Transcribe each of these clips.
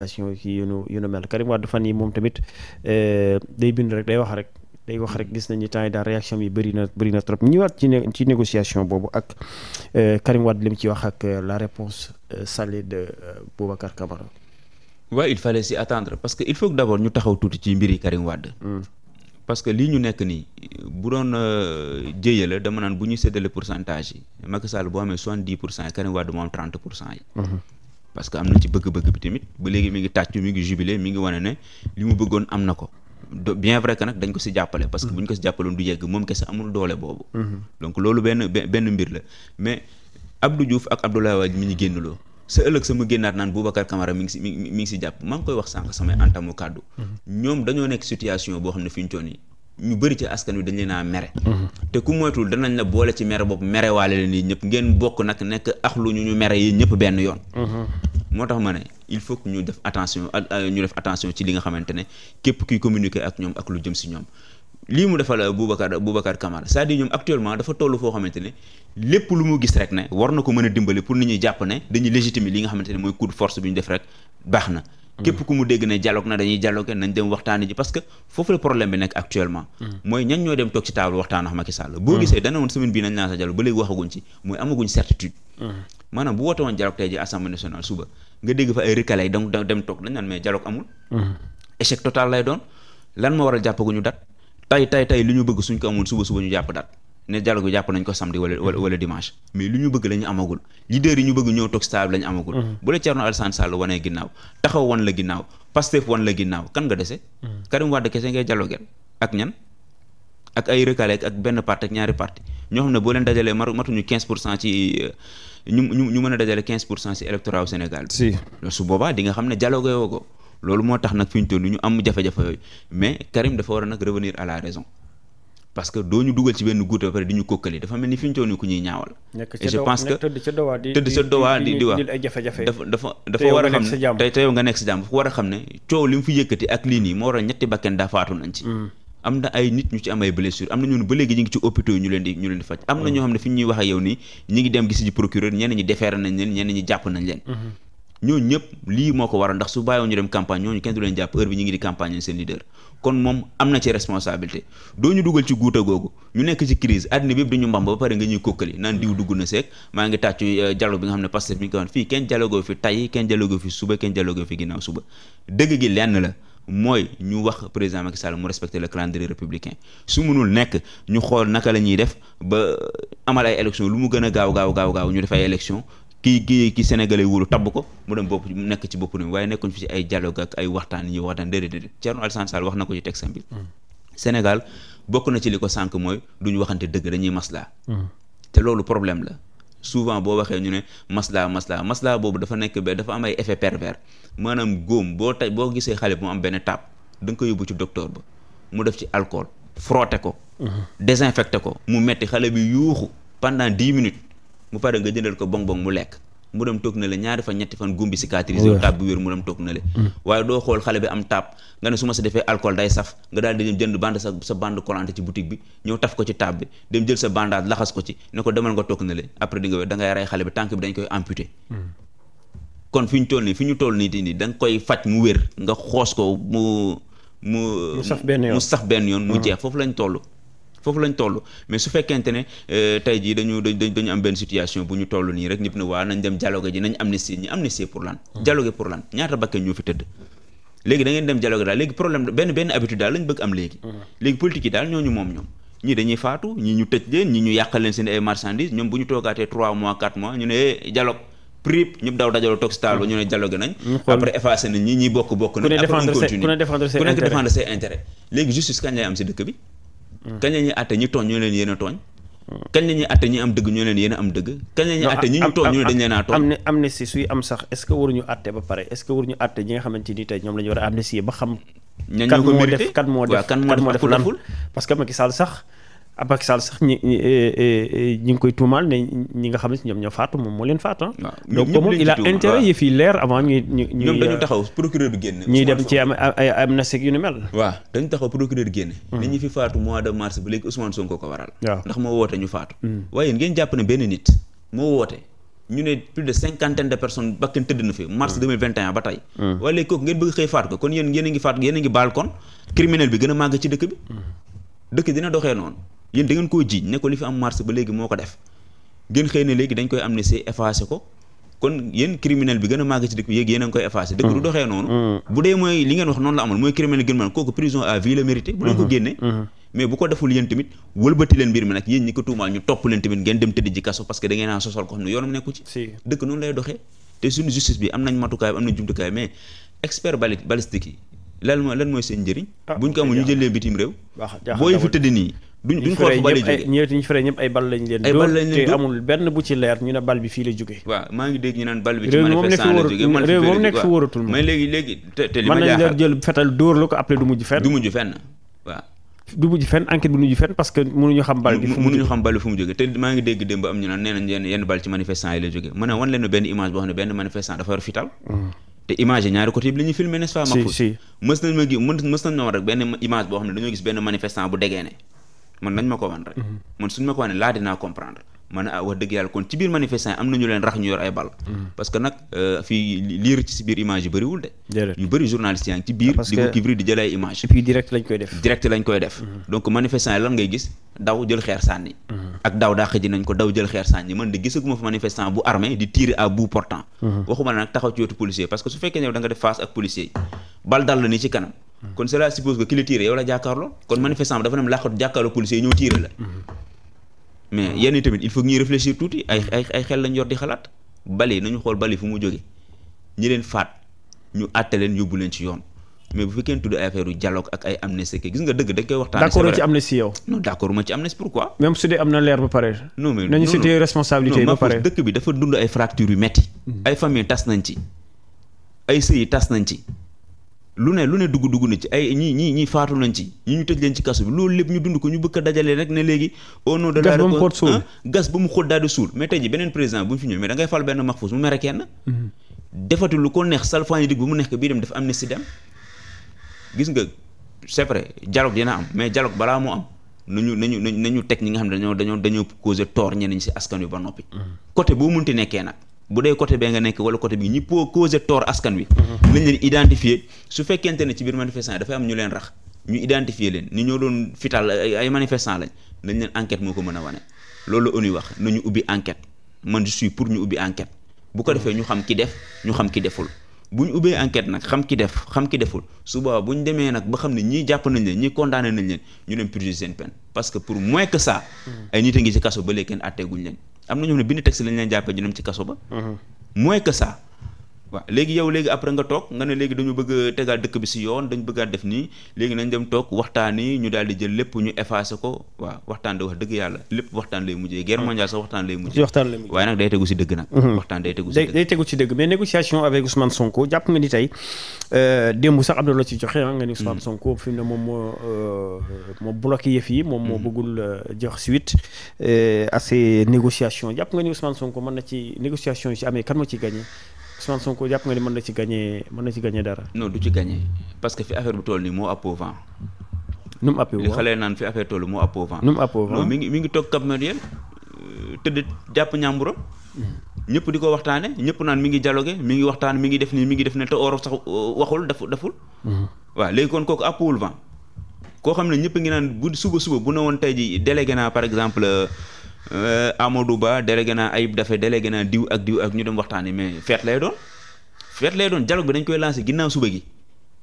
ation kii yu nu yu nu mel Karim fan yi moom tamit eh, day bind rek day wax rek day wax rek gis nañu temps yi daal réaction yi bëri na bëri na trop ñëwaat ci ci négociation boobu ak eh, Karim Wade li ci wax ak eh, la réponse sale de Boubacar Camara waaw il fallait s'y attendre parce que il faut que d'abord ñu taxaw tuuti ci mbiri Karim Wade mm. parce que lii ñu nekk nii bu doon jëye la dama naan bu ñu séddale pourcentage yi Macky Sall boo amee soixante-dix pour cent yi Karim Wade trente pour cent yi mm-hmm. parce que am na ci bëgg-bëgg bi tamit ba léegi mi ngi tàccu mi ngi jubilé mi ngi wane ne li mu bëggoon am na ko bien vrai que nag dañ ko si jàppale parce que mm-hmm. bu ñu ko si jàppaloon du yegg moom kese amul doole boobu mm-hmm. donc loolu benn benn mbir la mais Abdou Diouf ak Abdoulaye Wade mi ñu génnloo sa ëllëg sa mu génnaat naan Boubacar Camara mi ngi si mi ngi si jàpp maa koy wax sànq samay entamu kàddu mm-hmm. ñoom dañoo nekk situation boo xam ne fi ñu ñu bëri ci askan wi dañu leen a mere mhm. te ku moytul danañ la boole ci mere bopp mere waale leen yi ñëpp ngeen bokk nag nekk axlu ñu ñu mere yi ñëpp benn yoon mhm. moo tax ma ne il faut ñu def attention ñu def attention ci li nga xamante ne képp kuy communiquer ak ñoom ak lu jëm si ñoom lii mu defal euh, Boubacar euh, Boubacar Camara c'est-à-dire ñoom actuellement dafa toll foo xamante ne lépp lu mu gis rek ne war na ko mën a dimbali pour nit ñu jàpp ne dañuy légitimer li nga xamante ne mooy coup de force bi ñu def rek baax na képp ko mu dégg ne dialogue na dañuy dialogue nañ dem waxtaani ji parce que foofu la problème bi nekk actuellement mm. mooy ñan ñoo dem toog ci table waxtaan ak Macky Sall boo mm. gisee dana woon semaine bii nañ lancé dialogue ba léegi waxaguñ ci mooy amaguñ certitude mm. maanaam bu woote woon dialogue tey ji amul échec total lay doon lan moo waral jàppaguñu dat tay tay tay li ñu bëgg suñ ko amoon suba suba ñu jàpp dat ne dialogue bi jàpp nañ ko samedi wala mhm. wala dimanche mais lu ñu bëgg la ñu amagul leader yi ñu bëgg ñoo toog stable la ñu amagul mhm. bu la Thierno Alassane Sall wanee ginnaaw taxaw wan la ginnaaw Pastef wan la ginnaaw kan nga dese mhm. Karim Wade kese ngay dialogueel ak ñan ak ay recalé ak benn parti ak ñaari parti ñoo xam ne boo leen dajalee matuñu quinze pour cent ci euh, ñu ñu mën a dajale 15 pour cent ci électorat au Sénégal bi si su boobaa di nga xam ne dialogue woo ko loolu moo tax nag fi ñu toll ñu am jafe-jafe yooyu mais Karim dafa war nag revenir à la raison parce que doo ñu dugal ci benn guute ba pare di ñu kokkali dafa mel ni fi ñu toog ku ñuy ñaawal. tëdd ca dowaa di di wax dafa dafa war a xam ne te yow nga nekk sa jàmm dafa war a xam ne coow li mu fi yëkkati ak lii nii moo war a ñetti bakken daa faatu nañ ci mm. am na ay nit ñu ci am ay blessure am na ñu ngi ci leen di ñu ñoo mm. xam ne fi ñuy wax ak nii ñi ngi dem gis ji procureur ñenn ñi defeere nañ leen ñenn ñi jàpp nañ leen mm-hmm. ñooñu ñëpp lii moo ko waral ndax su bàyyiwoon ñu dem campagne ñooñu kenn du leen jàpp heure bi ñu ngi di campagne seen leader kon moom am na ci responsabilité doo ñu dugal ci guuta googu ñu nekk ci crise àddina bi yëpp dañu mbamb ba pare nga ñuy kokkali naan diw dugg na seeg maa ngi tàccu euh, dialogue bi nga xam ne Pastef bi ñu ko waxoon fii kenn dialogue fi tay kenn dialogue fi suba kenn dialogue fi ginnaaw suba dëgg gi lenn la mooy ñu wax président Macky Sall mu respecter le calendrier républicain su mënul nekk ñu xool naka la ñuy def ba amal ay lu mu gën a gaaw gaaw gaaw gaaw ñu def ay ki ki ki sénégalais wóolu tabb ko mu dem bopp mu nekk ci bopp réew mi waaye nekkuñ fi ci ay dialogue ak ay waxtaan yi ñuy waxtaan déedéet déedéet Thierno Alassane Sall wax na ko ci texte bi mm. Sénégal bokk na ci li ko sànq mooy duñ waxante dëgg dañuy maslaa mm. te loolu problème la souvent boo waxee ñu ne masla masla masla boobu dafa nekk dafa am ay effet pervers maanaam góom boo tay boo gisee xale bu mu am benn taab da nga ko yóbbu ci docteur ba mu def ci alcool frotter ko mm-hmm. désinfecter ko mu metti xale bi yuuxu pendant dix minutes mu pare nga jëndal ko bonbon mu lekk mu dem toog na le ñaari fan ñetti fan gumbi cicatrisé wu tab bu wér mu dem toog na le mm. waaye doo xool xale bi am tab nga ne su ma sa defee alcool day saf nga daal di dem jënd bande sa sa bande collante ci boutique bi ñëw taf ko ci tab bi dem jël sa bandage laxas ko ci ne ko demal nga toog na le après di nga da ngay rey xale bi tànk bi dañ koy amputé mm. kon fi ñu toll nii fi ñu toll nii nii da nga koy faj mu wér nga xoos ko mu mu mu saf benn yoon mu mm. jeex foofu lañ toll foofu lañ toll mais su fekkente ne euh, tey jii dañu dañu am benn situation bu ñu toll nii rek ñëpp ne waa nañ dem dialogue ji nañ amnistie ñi amnistie pour lan hmm. dialogue pour lan ñaata bakkan ñoo fi tëdd léegi da ngeen dem dialogue daal léegi problème benn benn habitude daal lañ bëgg am léegi hmm. léegi moom ñoom ñii dañuy faatu ñii ñu tëj leen ñii ñu yàqal leen seen ay marchandises ñoom bu ñu toogaatee 3 mois 4 mois ñu ne eh, dialogue prip ñëpp daw dajaloo toog ba hmm. ñu ne dialogue nañ après effacé nañ ñi ñuy bokk bokk nañ après on continue ku nekk défendre ses intérêts léegi justice kañ bi kañ la ñuy àtte ñi tooñ ñu leen yéen a tooñ. kañ la àtte ñi am dëgg ñu leen yéen a am dëgg. kañ la àtte ñi ñu tooñ ñu ne dañ leen a tooñ. am amnistie suy am sax est waruñu àtte ba pare est-ce waruñu àtte ñi nga xamante ni tey ñoom la war a amnistie ba xam. ñan ñoo ko kan moo def kan moo def kan moo def lan parce que Macky Sall sax Macky Sall sax ñi eh, eh, ñi ngi koy tuumaal ne ñi nga xam ne ñoom ñoo faatu moom moo leen faatu ah. donc moom il ñoom dañu euh, taxaw procureur bi génn. dem ci am ay amnistie yu ni mel. waaw dañu taxaw procureur nit hmm. ñi fi faatu mois de mars ba léegi Ousmane Sonko ko waral. ndax moo woote ñu faatu. Hmm. waaye ngeen jàpp ne benn nit moo woote. ñu ne plus de cinquantaine de personnes bakkan tëdd na fi mars 2021 hmm. ba tey waaye kooku ngeen bëgg xëy faat ko kon yéen yéen ngi faat yéen a ngi baal kon criminel bi gën a màgg ci dëkk bi dëkk dina doxee noonu yéen da ngeen koo ji ne ko li fi am mars ba léegi moo ko def gën xëy na léegi dañ koy amnistie effacé ko kon yéen criminel bi gën a màgg ci dëkk a koy effacé dëkk du mm-hmm. doxee noonu mm-hmm. bu dee mooy li ngeen wax noonu la amoon mooy criminel gën man leen ko mm-hmm. génnee mais bu ko deful yéen leen nag yéen ñi ko tuumaal ñu topp leen tamit ngeen dem tëdd ji kaso parce que da a sosal ko xam ne yoonam nekku ci dëkk noonu lay doxee te suñu justice bi am nañ matukaay am nañ jumtukaay mais expert mooy seen njëriñ ah, buñ ko amul ñu jël duñ duñ xool fu bal jóge ñu fere ñëpp ay bal lañ leen dóor te amul benn bu ci leer ñu ne bal bi fii la jóge waaw maa ngi dégg ñu naan bal bi ci la jóge réew moom nekk fi wóoratul mais léegi léegi te li ma jaaxal fu mu mënuñu xam bal bi fu ngi dégg démb am ñu naan nee nañ yenn yenn a boo xam ne benn manifestant dafa mm. si mës ma gi mës nañ rek benn image boo xam ne dañoo gis benn manifestant bu dégeene man nañ ma ko wan rek. Mhm. man suñ ma ko wane laa dinaa comprendre. man a ah, wax dëgg yàlla kon ci biir manifestant yi am nañu leen rax ñu yor ay bal mhm. parce que nag euh, fii lire ci si biir image yu bëriwul de ñu bëri journaliste yaa ngi ci biir di ko couvrir di jël ay image et puis direct lañ koy def mhm. donc manifestant yi lan ngay gis daw jël xeer sànni ak daw dàq ji nañ ko daw jël xeer sànni man de gisaguma fa manifestant bu armé di tirer à bout portant waxuma que su fekkee ne da nga kon cela suppose que ki tiire yow la jàkkaarloo kon manifestant bi dafa dem làqatu jàkkaarloo policier yi ñoo tiire la mais yenn yi tamit il faut que ñuy réfléchir tuuti ay xel lañ yor di xalaat bali nañu xool bali fu mu jóge ñu leen faat ñu àtte leen yóbbu leen ci yoon mais bu fekkee tudd ay affaire dialogue ak ay amnistie gis nga dëgg dañ koy waxtaan d'accord ci amnistie yow non d'accord ma ci amnistie pourquoi même su dee am na leer ba pare non mais nañu cité bi dafa dund ay fractures yu metti mhm. ay famille tas nañ ci ay sëy tas nañ ci lu ne lu ne dugg dugg na ci ay ñii ñii ñii faatu nañ ci ñi ñu tëj leen ci kaso bi loolu lépp ñu dund ko ñu bëgg a dajalee rek ne léegi au nom de la gas ba mu xóot daal di suul mais ji beneen président bu ñu fi ñëw mais da fal benn Mahfouz mu mere kenn mm-hmm. defati lu ko neex salfaan yi dig mu neex bii dem dafa am ne si dem gis nga c'est vrai dialogue dina am mais dialogue balaa moo am nañu nañu nañu teg ñi nga xam ne dañoo dañoo dañoo causé tort ñeneen si askan wi ba noppi mm-hmm. côté boo munti nekkee nag bu dee côté nga nekk wala côté bi ñi po causé tort askan wi mhm. nañ leen identifier su fekkente ne ci biir manifestant yi dafay am ñu leen rax ñu identifier leen ni ñoo doon fital ay manifestant lañ nañ leen enquête moo ko mën a wane loolu la ONU wax nañu ubbi enquête man je suis pour ñu ubbi enquête bu ko mhm. defee ñu xam ki def ñu xam ki deful bu ñu ubbee enquête nag xam ki def xam ki deful su boobaa bu ñu demee nag ba xam ne ñii jàpp nañ leen ñii nañ leen ñu dem que pour moins que mhm. nit a ngi ba léegi kenn leen am na ñoom ne bind texte lañ leen jàppee ñu ci kaso ba. Mm-hmm. mooy que ça waaw léegi yow léegi après nga toog nga ne léegi dañu bëgg a tegaat dëkk bi si yoon dañu bëggaat def nii léegi nañ dem toog waxtaan yi ñu daal di jël lépp ñu effacé ko waaw waxtaan de wax dëgg yàlla lépp waxtaan lay mujjee guerre mondiale sax waxtaan lay mujjee waxtaan lay mujjee waaye nag day tegu si dëgg nag mhm. waxtaan day tegu si dëgg day tegu si dëgg mais négociation avec Ousmane Sonko jàpp nga ni tey euh, démb sax am na loo ci joxe ah, nga ni Ousmane mhm. Sonko fi mu ne moom moo euh, moo bloqué yëf yi moom moo mhm. bëggul euh, jox suite à ces négociations jàpp nga ni Ousmane Sonko mën na ci négociation yi amee kan moo ci gagné Ousmane Sonko jàpp nga ni mën na ci gagné mën na ci gagné dara. non du ci gagné parce que fi affaire bu toll nii moo àpp au vent. nu mu àpp naan fi affaire toll moo àpp au vent. nu mu ngi mi ngi toog Cap Manuel euh, tëdd jàpp ñàmburam. Hmm. ñëpp di ko waxtaane ñëpp naan mi ngi dialogué mi ngi waxtaan mi ngi def nii mi ngi def ne te oro sax euh, waxul daf daful. Hmm. waaw léegi kon kooku àppul vent. koo xam ne ñëpp ngi naan bu suba suba bu ne woon tey ji délégué naa par exemple. Euh, Euh, Amadou Ba délégué naa Ayib Daffé délégué naa diw ak diw ak ñu dem waxtaani mais feet lay doon feet lay doon dialogue bi dañ koy lancé ginnaaw suba gi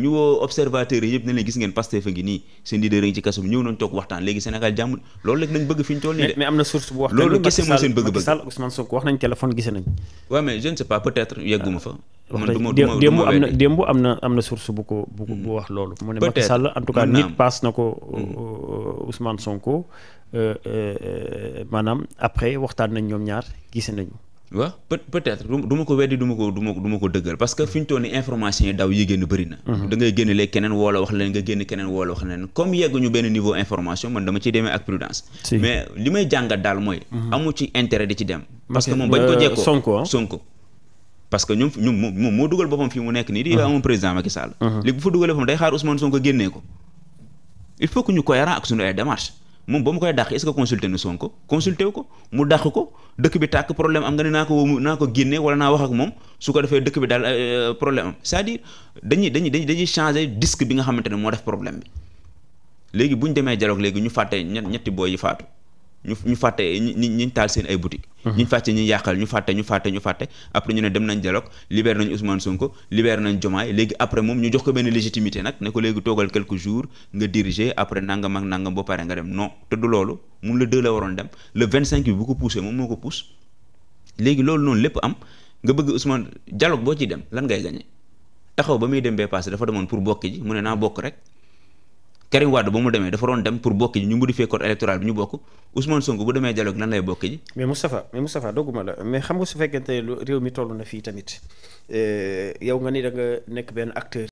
ñu woo observateurs yi yëpp ne leen gis ngeen Pastef a ngi nii seen leader a ngi ci kaso ñëw nañ toog waxtaan léegi Sénégal jàmm loolu rek lañ bëgg fi ñu nii de mais am na source bu wax loolu kese mooy seen bëgg-bëgg Macky Sall Ousmane Sonko wax nañ téléphone gise nañ waaw mais je ne pas peut-être yegguma fa wax dëgg démb am na démb am na am na source bu ko bu mm-hmm. wax loolu. mu ne Macky Sall en tout cas nit paas na ko mm-hmm. euh, Ousmane Sonko. Euh, euh, maanaam après waxtaan nañ ñoom ñaar gise nañu. waaw peut peut-être du ma ko weddi du ma ko du ma ko du ma ko dëggal parce que fi ñu toll information yi daw yi génn bëri na. Mm-hmm. da ngay génn keneen woo la wax leen nga génn keneen woo la wax leen comme yegguñu benn niveau information man dama ciy demee ak prudence. mais li may jàngat daal mooy. amu ci intérêt di ci dem. parce moom bañ ko jekkoo Sonko. parce que ñoom ñoom moom moo dugal boppam fii mu nekk nii di uh-huh. amoon président Macky Sall uh-huh. léegi bu fa dugalee boppam day xaar Ousmane Sonko génnee ko il faut que ñu cohérent ak suñu ay démarche moom ba mu koy dàq est ce que consulté na Sonko consulté ko mu dàq ko dëkk bi tàkk problème am nga ne naa ko naa ko génnee wala naa wax ak moom su ko defee dëkk bi daal euh, problème am c'est-à-dire dañuy dañuy dañuy changé disque bi nga xamante ne moo def problème bi léegi bu ñu demee dialogue léegi ñu fàtte ñetti booy yi faatu ñu ñu fàtte ñi ñi taal seen ay boutique mhm. ñu fàtte ñu yàqal ñu fàtte ñu fàtte ñu fàtte après ñu ne dem nañ dialogue libéré nañ Ousmane Sonko libéré nañ Diomaye léegi après moom ñu jox ko benn légitimité nag ne ko léegi toogal quelques jours nga diriger après nangam ak nangam boo pare nga dem non te du loolu mun la deux waroon dem le vingt cinq bi bu ko poussé moom moo ko pousse léegi loolu noonu lépp am nga bëgg Ousmane dialogue boo ciy dem lan ngay gagné taxaw ba muy dem bee passé dafa demoon pour bokk ji naa bokk rek Karim Wade ba mu demee dafa doon dem pour bokk ji ñu modifier code électoral bi ñu bokk Ousmane Sonko bu demee dialogue lan lay bokk ji. mais Moustapha mais Moustapha dogguma la mais xam su fekkente réew mi toll na fii tamit euh, yow nga ni da nekk benn acteur.